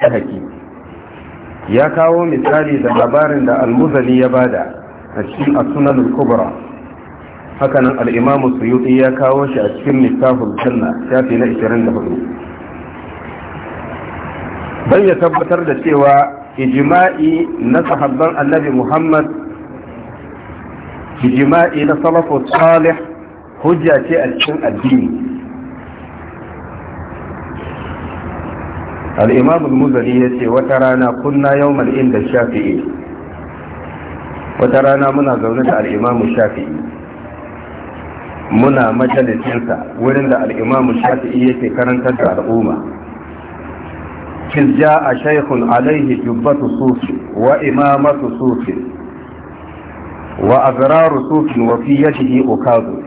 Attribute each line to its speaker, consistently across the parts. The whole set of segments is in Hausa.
Speaker 1: haƙi ya kawo misali da labarin da almuzali ya bada a cikin asunan kubra hakanan al'imamu suyuti ya kawo shi a cikin littafin janna shafi na 24 don ya tabbatar da cewa ijima'i na sahabban annabi muhammad ijima'i na salafu salih hujja ce a cikin addini al'imam al ya ce wata rana kunna yau mal'in da shafi'i wata rana muna zaune da al'imamu shafi'i muna majalisinsa wurin da al'imamu shafi'i yake karantar da al'umma ja a shaikun alaihi jubbatu sufi wa imamatu sufi wa azraru sufin wa fi yadihi ukazu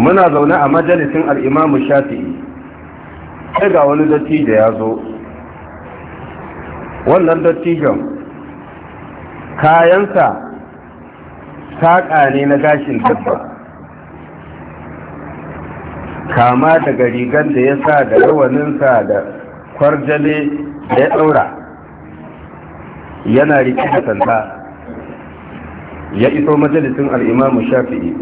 Speaker 1: muna zaune a majalisin al'imamu shafi'i sai ga wani dattijo ya zo wannan dattijon kayansa saƙa ne na gashin dabba kama daga rigar da ya sa da rawaninsa da kwarjale da ya ɗaura yana rikin da sanda ya iso majalisin al'imamu shafi'i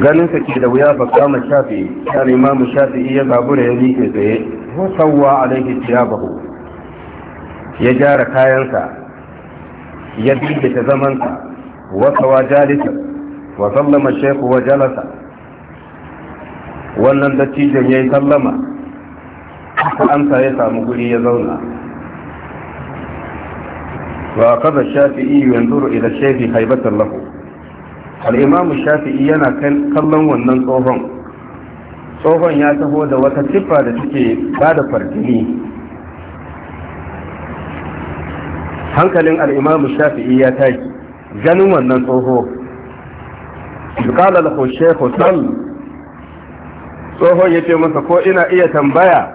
Speaker 1: ganin ka ke da wuya ba kama shafi kan imamu iya babu da ya miƙe tsaye ko sawwa alaihi tiyabahu ya gyara kayansa ya ta zamanta wasa wa jalisa wa sallama shekhu wa jalasa wannan dattijon ya yi sallama ta amsa ya samu guri ya zauna wa kaza iya yanzuru ila shefi haibatar lahu al'imamu shafi'i yana kallon wannan tsohon tsohon ya taho da wata siffa da take ba da fartini hankalin al'imamu shafi'i ya taki ganin wannan tsoho kala da hoshe hotel tsohon ya ce masa ko ina iya tambaya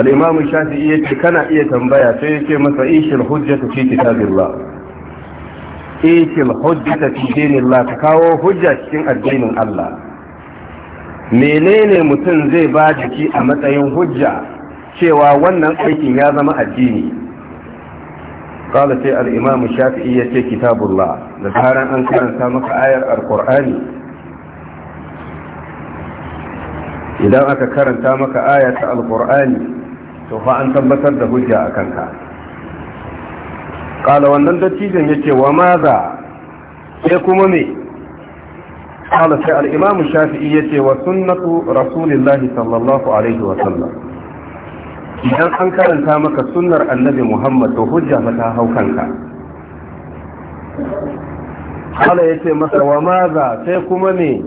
Speaker 1: al'imamu shafi'i ya ce kana iya tambaya sai ya ce masa ishin hujjata fi kitabillah ikil hujjata fi dinillah ka kawo hujja cikin addinin Allah menene mutum zai ba jiki a matsayin hujja cewa wannan aikin ya zama addini qala sai al-imam shafi'i yace kitabullah da zaran an karanta maka ayar alqur'ani idan aka karanta maka ayar alqur'ani to fa an tabbatar da hujja akan ka kala wannan dattijan ya ce wa maza sai kuma me kala sai al'imamu shafi'i ya ce wa sunnatu rasulillahi sallallahu alaihi wa idan an karanta maka sunnar annabi muhammad to hujja mata hau kanka kala ya ce masa wa maza sai kuma me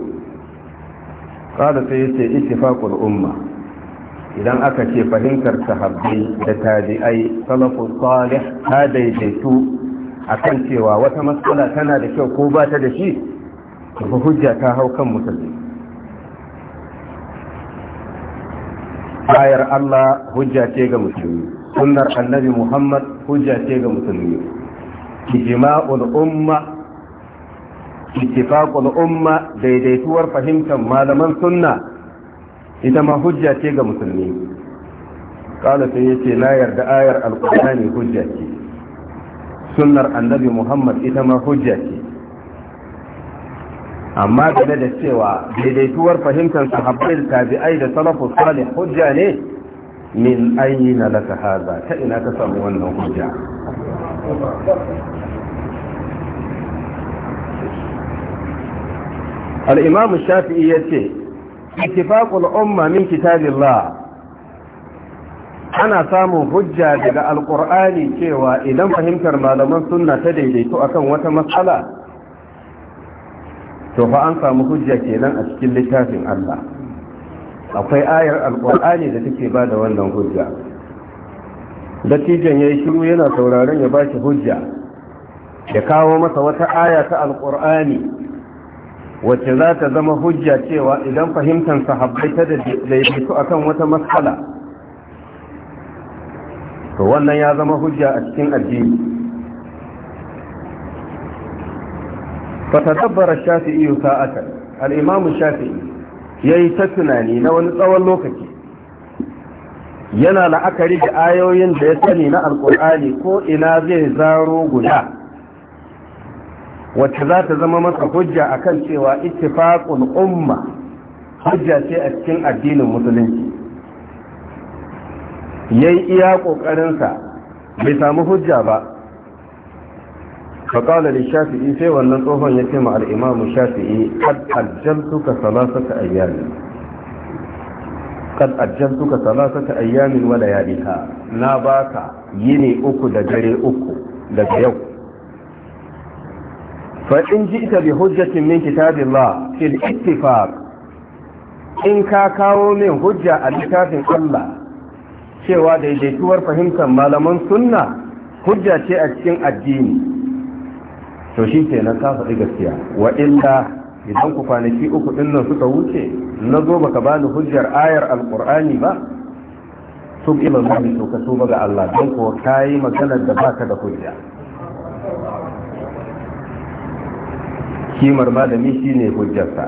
Speaker 1: kala sai ya ce ittifaqul umma idan aka ce fahimtar sahabbai da tabi'ai salafu salih ta daidaitu kan cewa wata matsala tana da kyau ko ba ta da shi ba hujja ta hau kan musulmi ayar Allah hujja ce ga musulmi sunnar annabi Muhammad hujja ce ga musulmi ijma'ul umma ittifaqul umma daidaituwar fahimtar malaman sunna ita ma hujja ce ga musulmi kala sai yace na yarda ayar alqur'ani hujja ce sunnar annabi muhammad ita ma hujja ce amma game da cewa daidaituwar fahimtar sahabbai da tabi'ai da salafu salih hujja ne min na laka haza ta ina ka samu wannan hujja al-imam shafi'i yace ittifaqul umma min kitabillah ana samun hujja daga alkur'ani cewa idan fahimtar malaman sunna ta daidaito akan wata matsala to fa an samu hujja kenan a cikin littafin Allah akwai ayar alqur'ani da take bada wannan hujja dattijan yayi shiru yana sauraron ya bashi hujja ya kawo masa wata aya ta alkur'ani wacce za ta zama hujja cewa idan fahimtar sahabbai ta daidaitu akan wata matsala to wannan ya zama hujja a cikin addini fatadabbara shafi'i sa'atan al Shafi'i, ya yayi ta tunani na wani tsawon lokaci yana la'akari da ayoyin da ya sani na alkur'ani ko ina zai zaro guda wacce za ta zama masa hujja a kan cewa ittifaqul umma hujja ce a cikin addinin musulunci Ya yi iya ƙoƙarinsa bai samu hujja ba faƙala da shafi'i sai wannan tsohon ya ce ma'ar imamu shafi'i kad ajjaltuka salasata ayyamin kad ayyamin wala yadika na baka yini uku da dare uku daga yau fa in ji'ta bi hujjatin min kitabillah fil ittifaq in ka kawo min hujja a littafin Allah cewa daidaituwar fahimtar malaman sunna hujja ce a cikin addini to shi ke ka faɗi gaskiya wa illa idan ku kwanaki uku ɗin nan suka wuce na zo baka bani hujjar ayar alƙur'ani ba tub ila zuwa to ka tuba ga Allah don kuwa kayi maganar da baka da hujja kimar malami shine hujjarsa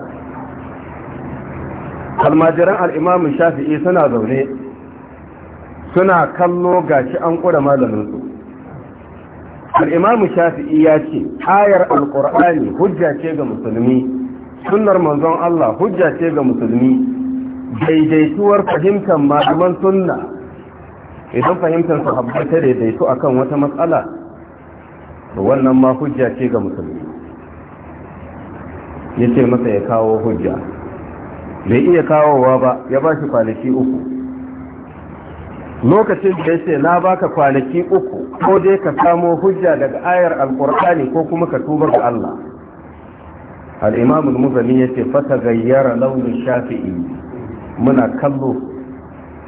Speaker 1: almajiran al'imamin shafi'i suna zaune suna kallo gashi an ƙura malaminsu al'imamin shafi'i ya ce ayar alƙur'ani hujja ce ga musulmi sunnar manzon Allah hujja ce ga musulmi daidaituwar fahimtar malaman sunna idan fahimtar su haɓar ta daidaitu akan wata matsala wannan ma hujja ce ga musulmi ya ce masa ya kawo hujja bai iya kawowa ba ya ba shi kwanaki uku lokacin da ya ce na baka kwanaki uku ko dai ka samo hujja daga ayar alkur'ani ko kuma ka tuba ga Allah al muzani ya ce fata gayyara launin shafi'i muna kallo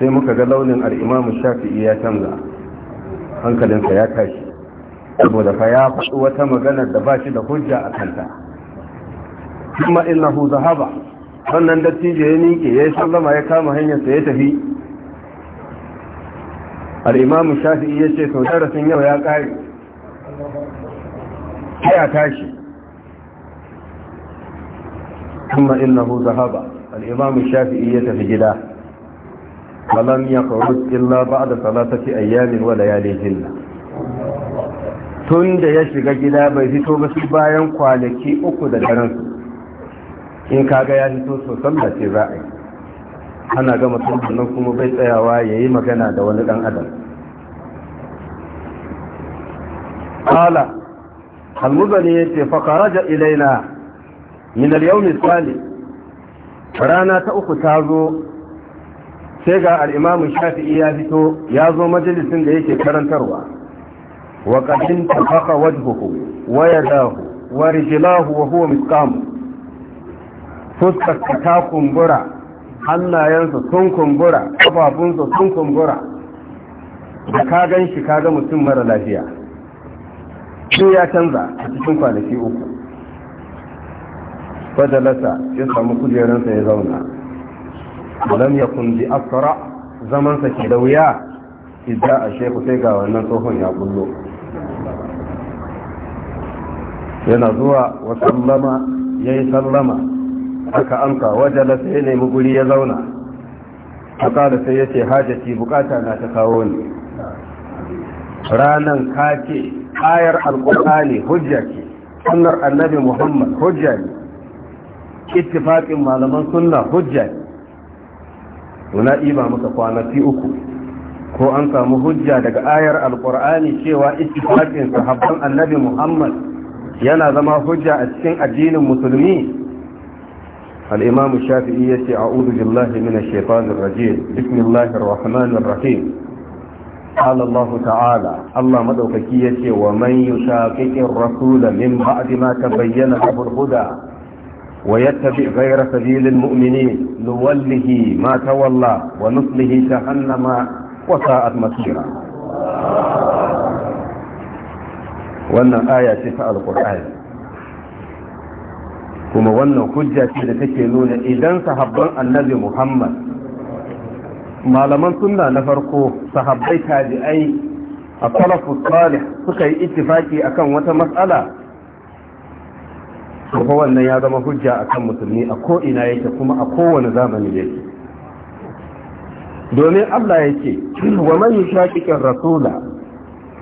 Speaker 1: sai muka ga launin al shafi'i ya canza hankalinsa ya tashi saboda fa ya faɗi wata magana da ba shi da hujja a kanta kuma hu zahaba wannan dattijo ya miƙe ya yi sallama ya kama hanyarsa ya tafi al'imamu shafi'i ya ce sau darasin yau ya ƙari sai a tashi kuma hu zahaba al'imamu shafi'i ya tafi gida kalam ya ƙarus illa ba da salatati ayyamin wa layalin jinna tun da ya shiga gida bai fito ba su bayan kwanaki uku da daren su. in kaga ya hito to ce za a yi ana gama sallah kuma bai tsayawa ya yi magana da wani dan adam qala almuzani yace fa kharaja ilaina min al-yawm al rana ta uku ta zo sai ga al shafi'i ya fito ya zo majalisin da yake karantarwa wa qad intafaka wajhuhu wa yadahu wa rijlahu wa huwa misqamu fuskar ta kumbura hannayensa sun kumbura kafafunsa sun kumbura da ka gan shi ka ga mutum mara lafiya shi ya canza a cikin kwanaki uku Fadalata ya samu kujerarsa ya zauna lam yakun bi asra zamansa ke da wuya idda a sheku sai ga wannan tsohon ya bullo yana zuwa wa sallama ya yi sallama aka amsa wajala sai ya nemi guri ya zauna faƙala sai ya ce hajjaci bukata na ta kawo ni ranan kake ayar alƙur'ani hujja ke sunnar annabi muhammad hujja ne ittifaqin malaman sunna hujja ne tuna iba maka kwanaki uku ko an samu hujja daga ayar alƙur'ani cewa ittifaqin sahabban annabi muhammad yana zama hujja a cikin addinin musulmi الإمام الشافعي أعوذ بالله من الشيطان الرجيم بسم الله الرحمن الرحيم قال الله تعالى الله مدوككية ومن يشاقق الرسول من بعد ما تبين له الهدى ويتبع غير سبيل المؤمنين نوله ما تولى ونصله جهنم وساءت مصيرا وان آية تسأل القرآن kuma wannan hujja ce da take nuna idan sahabban annabi muhammad malaman sunna na farko sahabbai tabi'ai a salafu salih suka yi ittifaki akan wata matsala kuma wannan ya zama hujja akan musulmi a ko ina yake kuma a kowane zamani yake domin Allah yake wa man shaƙiƙin rasula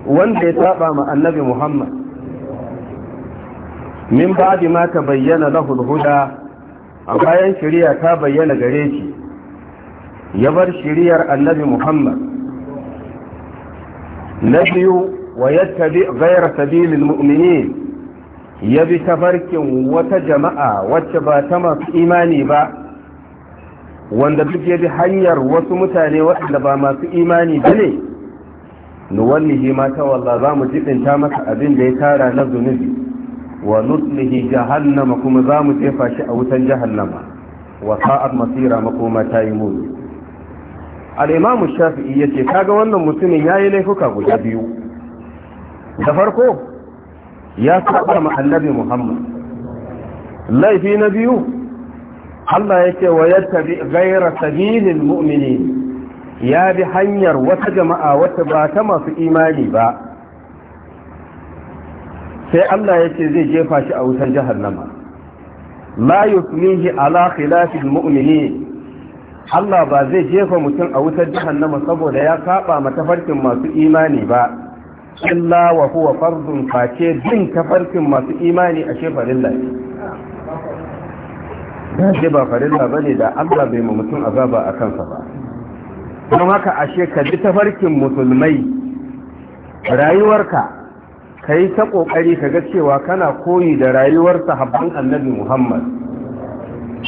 Speaker 1: wanda ya taɓa ma annabi muhammad min ba'di ma tabayyana lahu al-huda a bayan shari'a ta bayyana gare shi ya bar shari'ar annabi Muhammad na biyu wa yattabi ghayra sabilil mu'minin ya bi tafarkin wata jama'a wacce ba ta masu imani ba wanda duk ya bi hanyar wasu mutane waɗanda ba masu imani ba ne nuwallihi ma ta walla za mu jibinta masa abin da ya tara na zunubi wa nuslihi jahannama kuma za mu jefa shi a wutan jahannama wa masira makoma ta yi muni al'imamu shafi'i ya ce kaga wannan mutumin ya yi laifuka guda biyu da farko ya saba ma annabi muhammad laifi na biyu Allah ya ce wa tabi gaira sabilin mu'mini ya bi hanyar wata jama'a wata ba ta masu imani ba sai Allah ya ce zai jefa shi a wutan jahannama la yufnihi ala khilafil mu'minin Allah ba zai jefa mutum a wutar jahannama saboda ya saba ma tafarkin masu imani ba illa wa huwa fardun face bin tafarkin masu imani a shefarin lafi ya ba farilla ba ne da Allah bai ma mutum azaba a kansa ba don haka ashe ka bi tafarkin musulmai rayuwarka ka yi ta ƙoƙari ka ga cewa kana koyi da rayuwar sahabban annabi muhammad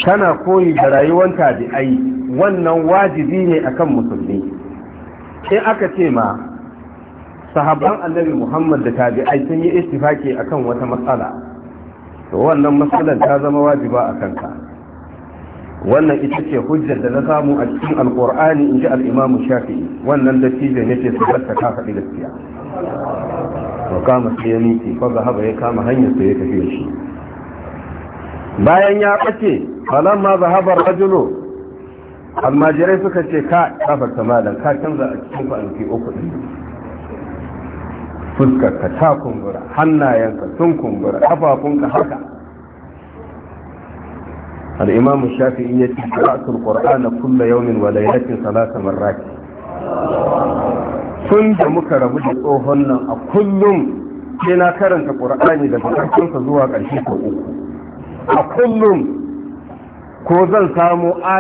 Speaker 1: kana koyi da rayuwar tabi'ai wannan wajibi ne akan musulmi in aka ce ma sahabban annabi muhammad da tabi'ai sun yi istifaki akan wata matsala to wannan matsalar ta zama wajiba a kanka wannan ita ce hujjar da na samu a cikin alƙur'ani in ji al'imamu shafi'i wannan dattijo ne ce su ta faɗi gaskiya wa kama sai ya fa zahaba ya kama hanyar sai ya tafi da shi bayan ya ɓace falamma zahabar rajulu almajirai suka ce ka kafarta malam ka canza a cikin kwanaki uku ɗin fuskar ka ta kumbura hannayenka sun kumbura kafafunka haka al'imamu shafi'i ya ce qur'ana kulla yawmin wa laylatin salasa marrati tun da muka rabu da tsohon nan a kullum sai na karanta ƙur'ani daga ƙarshensa zuwa ƙarshe ko uku a kullum ko zan samo